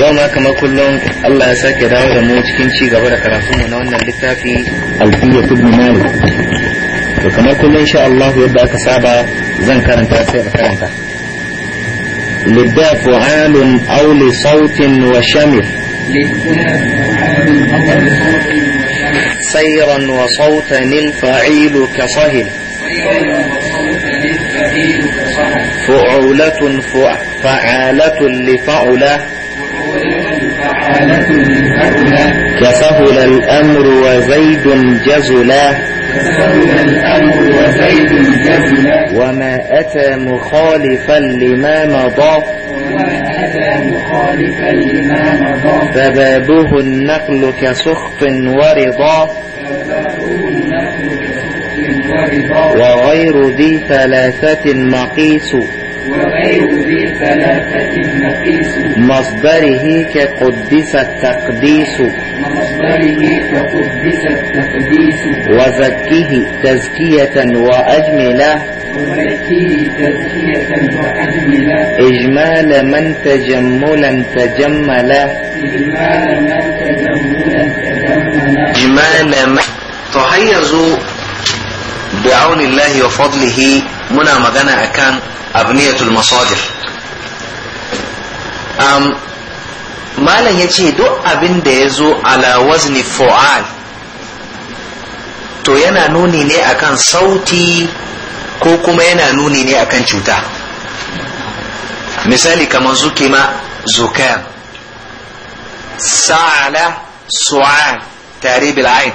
yau ma kamar kullum Allah ya sake dawo da mu cikin ci gaba da karatun mu na wannan littafi alfiya ibn malik to kamar kullum insha Allah yadda aka saba zan karanta sai da karanta للداء فعال أو لصوت وشمل سيرا وصوتا الفعيل كصهل فعولة فعالة لفعلة كسهل الأمر وزيد جزلا وما أتى مخالفا لما مضى فبابه النقل كسخط ورضا وغير ذي ثلاثة مقيس وغير ذي ثلاثة نقيس مصدره كقدس التقديس مصدره كقدس التقديس وزكه تزكية وأجمله وزكه تزكية وأجمله إجمال من تجملا تجملا إجمال من تجملا تجملا إجمال من تهيزوا بعون الله وفضله منا مغنى أكان أبنية المصادر malam ya ce duk abin da ya zo ala wazni fo'al to yana nuni ne akan sauti ko kuma yana nuni ne akan cuta misali kamar zuki ma zukam sa'ala su'al tare bil'ain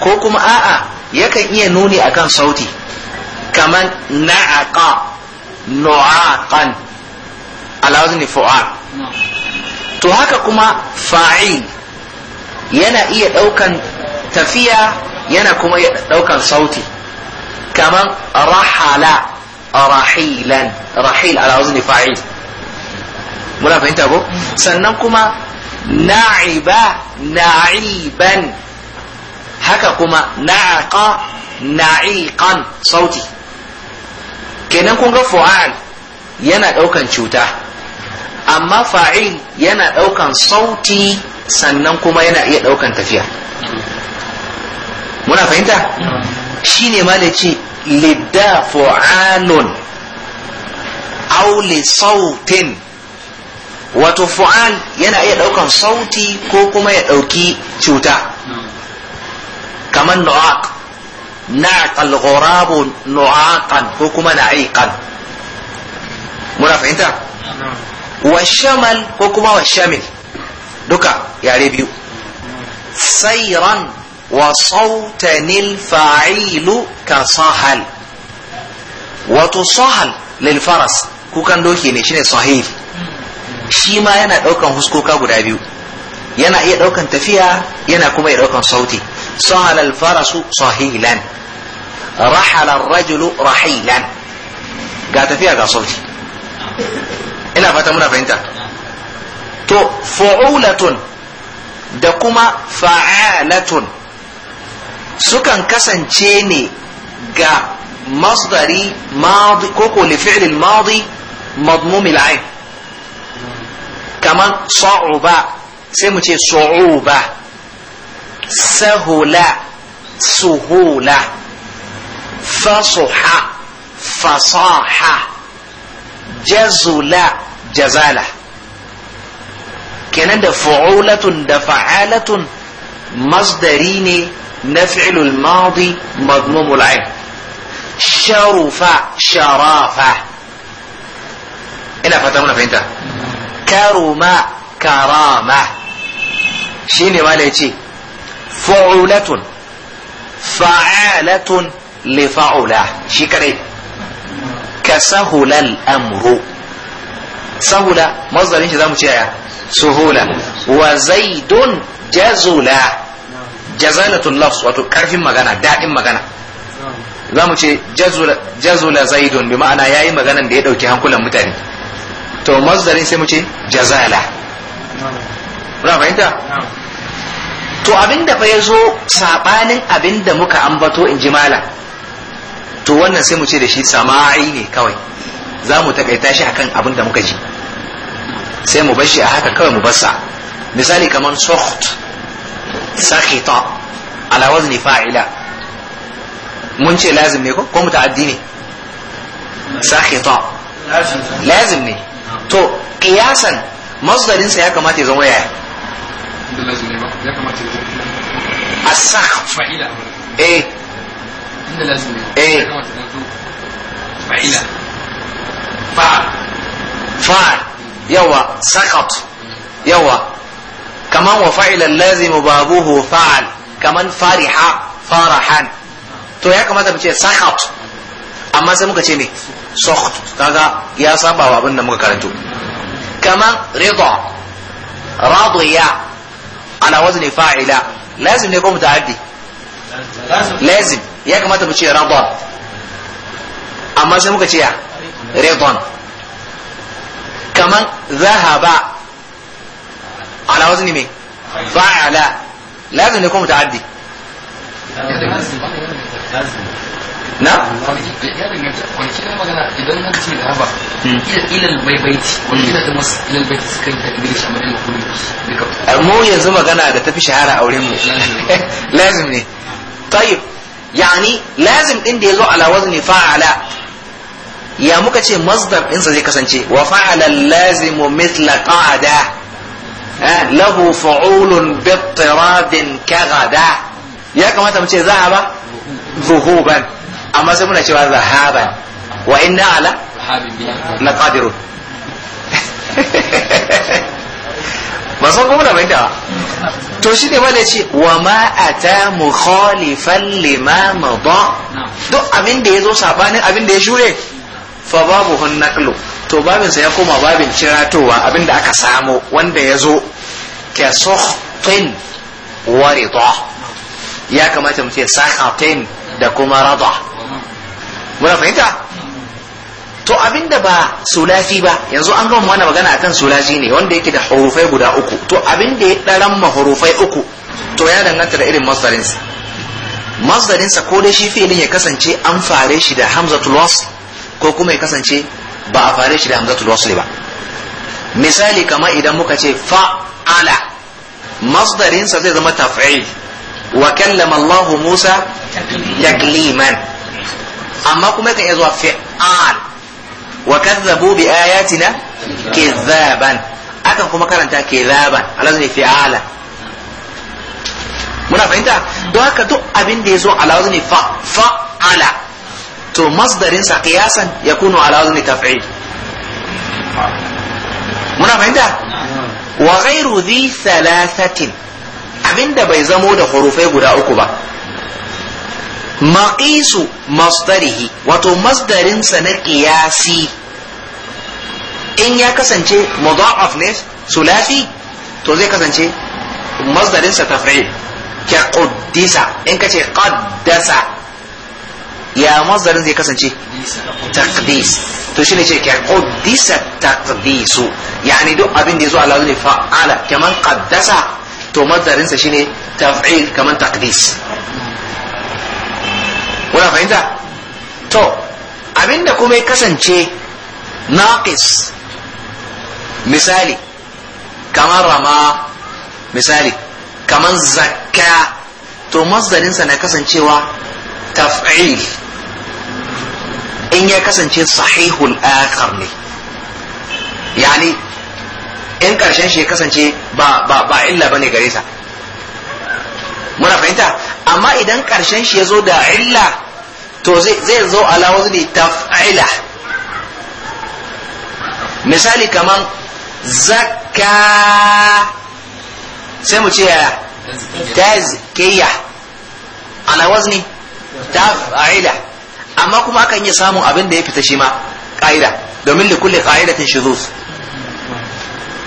ko kuma a'a yakan iya nuni akan sauti kamar na'aqa nu'aqan ala wazni fu'al to haka kuma fa'il yana iya ɗaukan tafiya yana kuma iya ɗaukan sauti kaman rahala rahilan rahil ala wazni fa'il muna fahimta ko sannan kuma na'iba na'iban haka kuma na'aqa na'iqan sauti kenan kun ga fa'al yana ɗaukan cuta amma fa'il yana ɗaukan sauti sannan kuma yana iya ɗaukan tafiya muna fahimta shine ne ma da ce lidda fa'alun au li sautin wato fu'al yana iya ɗaukan sauti ko kuma ya ɗauki cuta kamar nu'aq naqal ghurabu nu'aqan ko kuma na'iqan muna fahimta wa shamal ko kuma wa shamil duka yare biyu sairan wa sautanil fa'ilu ka sahal wato sahal lil kukan doki ne shine sahil shi ma yana ɗaukan huskoka guda biyu yana iya ɗaukan tafiya yana kuma iya ɗaukan sauti sahal al farasu sahilan rahala rajulu rahilan ga tafiya ina fata muna fahimta to fa'ulatun da kuma fa'alatun sukan kasance ne ga masdari madi koko li fi'lil madi madmumil Kamar kaman sa'uba sai mu ce sa'uba sahula suhula فصح فصاح جزل جزالة كان ده فعولة ده فعالة مصدرين نفعل الماضي مضموم العين شرف شرافة إلى فتامنا فإنت كرم كرامة شيني ما فعولة فعالة li fa'ula shi kadai ka sahula al-amru sahula mazalin shi zamu ce ya suhula wa zaidun jazula jazalatul lafs wato karfin magana dadin magana zamu ce jazula jazula zaidun bi ma'ana yayi maganan da ya dauki hankulan mutane to mazalin sai mu ce jazala muna fahimta to abinda fa yazo sabanin abinda muka ambato in ji malam to wannan sai mu ce da shi sama'i ne kawai za mu takaita shi akan abin da muka ji sai mu bashi a haka kawai mu basa misali kamar sokht sakita ala wazni fa'ila mun ce lazim ne ko ko muta'addi ne sakita lazim ne to kiyasan masdarinsa ya kamata ya zama yaya as-sakht fa'ila eh إيه. فعل فعل يوا سقط يوا كمان وفعل اللازم بابه فعل كما فرح فرحا تو يا كما بتقول سقط اما سي موكا تشي مي سخط يا سابا وابن موكا كارتو كمان رضا راضيا على وزن فاعل لازم يكون متعدي لازم ya kamata mu ce radon amma sai muka ce ya radon kaman zahaba ala wazni me fa'ala lazim ne ko mutaaddi na? ya magana na yi mu yanzu magana da tafi shahara a wurin lazim ne tayyib yani lazim din da zo ala wazni fa'ala ya muka ce masdar ɗinsa zai kasance wa fa'ala lazimu mithla qa'ada lahu fa'ulun bi tiradin kaghada ya kamata mu ce zahaba zuhuban amma sai muna cewa zahaban wa inna ala na qadirun ba san kuma da bayyana to shi ne ma ce wa ma ata mukhalifan lima madha duk abin da yazo sabanin abin da ya shure fa babu hun naqlu to babin sa ya koma babin ciratowa abin da aka samo wanda yazo ka suhtin wa rida ya kamata mu ce sakatin da kuma rada muna fahimta to abinda ba sulasi ba yanzu an gama mana magana akan sulasi ne wanda yake da hurufai guda uku to abinda ya daran ma hurufai uku to ya danganta da irin masdarin masdarinsa ko dai shi fi'ilin ya kasance an fare shi da hamzatul wasl ko kuma ya kasance ba a fare shi da hamzatul wasl ba misali kama idan muka ce fa'ala masdarinsa zai zama taf'il wa kallama Allah Musa takliman amma kuma kan iya zuwa fi'al wa kazzabu bi ayatina kizaban akan kuma karanta kizaban alazmi fi'ala muna fahimta don haka duk abin da ya zo ala ne fa'ala to masdarin sa qiyasan yakunu ala wazni taf'il muna fahimta wa ghairu dhi thalathatin abinda bai zamo da hurufai guda uku ba maqisu masdarihi wato masdarinsa na qiyasi in ya kasance mudha'af ne sulasi to zai kasance masdarinsa taf'il ka qaddisa in kace qaddasa ya masdarin zai kasance taqdis to shine ce ka qaddisa taqdisu yani duk abin da yazo Allah ne fa'ala kaman qaddasa to masdarinsa shine taf'il kaman taqdis muna fahimta to abinda kuma ya kasance naqis misali kamar rama misali kamar zakka to mazdarinsa na kasancewa taf'il in ya kasance sahihul akhar ne yani in karshen shi ya kasance ba illa ba ne bane gare sa muna fahimta amma idan ƙarshen shi ya zo da illa to zai zo ala wazni taf'ila misali kaman zakka sai mu ce yaya tazkiya ala wazni taf'ila amma kuma akan iya samun abin da ya fita shi ma ƙa'ida domin li kulli ta shuzuz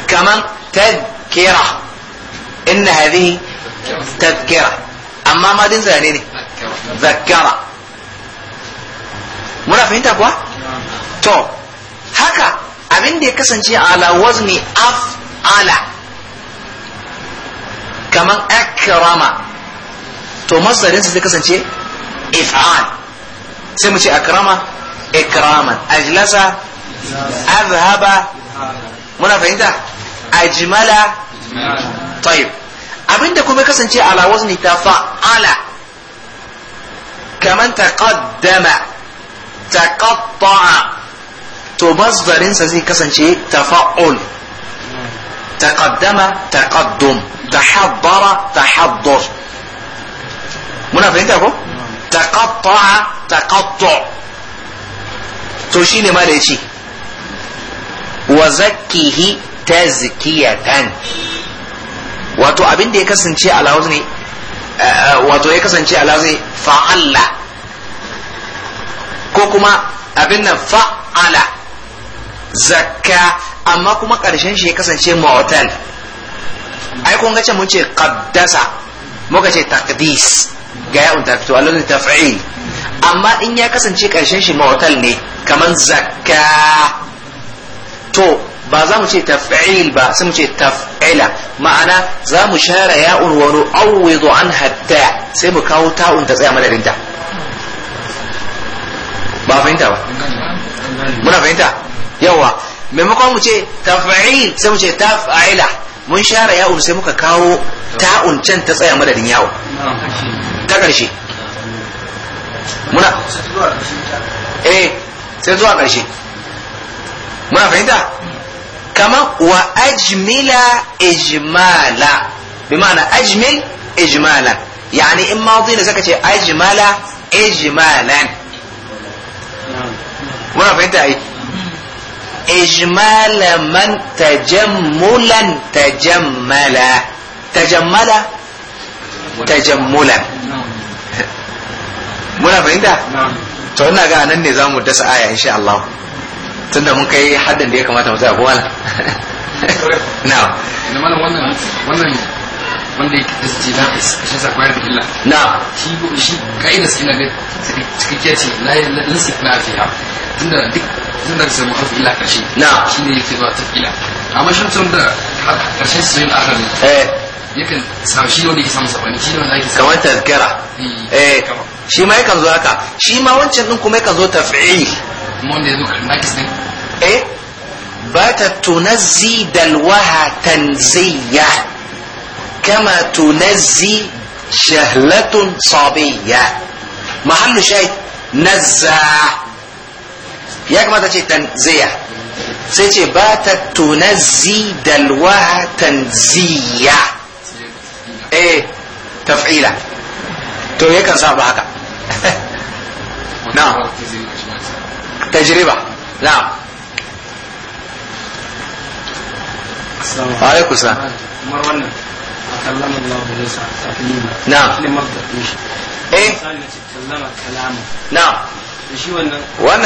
kaman tadhkira inna hadhihi tadhkira amma madin zane ne zakara muna fahimta kuwa to haka abin da ya kasance ala wazni ala kaman akrama to masarinsa zai kasance if'al sai mu ce akrama ikraman ajlasa azhaba muna fahimta ajmala طيب abinda kuma kasance ala wazni ta fa'ala kaman taqaddama taqatta'a to masdarin sa zai kasance tafa'ul taqaddama taqaddum tahaddara tahaddur muna fahimta ko taqatta'a taqattu to shine ma da yace wa zakkihi tazkiyatan wato abin da ya kasance a lauzini eh, eh, wato ya kasance a lauzini fa'alla ko kuma abin nan fa'ala zakka amma kuma ƙarshen shi ya kasance ma'otel ai kun gace mun ce kaddasa muka ce takdis. ga ya'un ta fito alal taf'il amma in ya kasance ƙarshen shi ma'otel ne kaman zakka to ba za mu ce tafi'il ba sai mu ce taf'il ila ma'ana za mu share ya'un wani nu'awwidu an hatta sai mu kawo ta'un ta tsaya madadinta. ta ba fahimta ba muna fahimta yawa maimakon mu ce tafa'il sai mu ce tafa'ila mun share ya'un sai muka kawo ta'un can ta tsaya madadin yawo. ta karshe muna eh sai zuwa karshe muna fahimta كما وأجمل إجمالا بمعنى أجمل إجمالا يعني إما ماضي لزكاة أجمل إجمالا مرة فهمت أي إجمال من تجملا تجملا تجملا تجملا مرة فهمت نعم تقولنا أنني زامو دس آية إن شاء الله tunda mun kai haddan da ya kamata mu tsaya ko wala na'am na malam wannan wannan wanda ya kita ce na shi sa kwayar bihilla na shi shi ka'ida su ina ga na ce lasik na fiha tunda duk tunda su mu ila illa karshe na shi ne yake zuwa A amma shi tun da karshen su yi akhar ne eh yakan sa shi wanda yake samu sabani shi ne wanda yake kamar tazkara eh, eh. shi ma yakan zo haka shi ma wancan din kuma yakan zo taf'il ايه باتت تنزي دلوها تنزية كما تنزي شهلة صبية محل شيء نزا ياك ما تشي تنزية سيتي باتت تنزي دلوها تنزية ايه تفعيلة تو يكن صعب هكا نعم, نعم. tajriba na'am alaikum salam wannan eh? eh.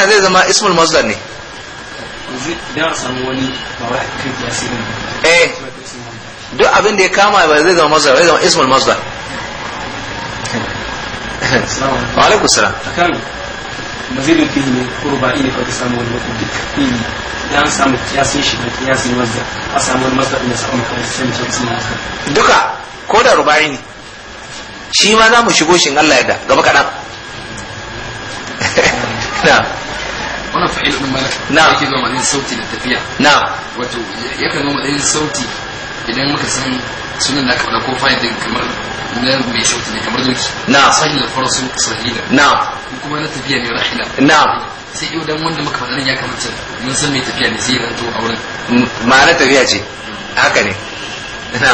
zai zama ismul masdar duk abin da ya kama ba zai zama masdar zai zama ismul masdar wa alaikum salam mazidin fihi ne ko ba ne ka samu wani mafi duk fihi da an samu kiyasin shi da kiyasin mazda a samu wani mazda da samu kawai sai mu ce duka ko da ruba'i ne shi ma za mu shigo shin Allah ya da gaba kaɗan na wannan fa'il ɗin malaka na yake zama matsayin sauti da tafiya na wato yakan zama matsayin sauti idan muka san sunan da aka ko fa'id din kamar na mai shauti ne kamar doki na sahil farasu sahila na kuma na tafiya ne rahila na sai yau dan wanda muka faɗa ya kamata mun san mai tafiya ne sai ran to a wurin ma'ana tafiya ce haka ne na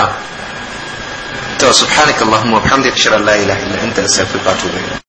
to subhanakallahumma wa bihamdika ashhadu an la ilaha illa anta astaghfiruka wa atubu ilayk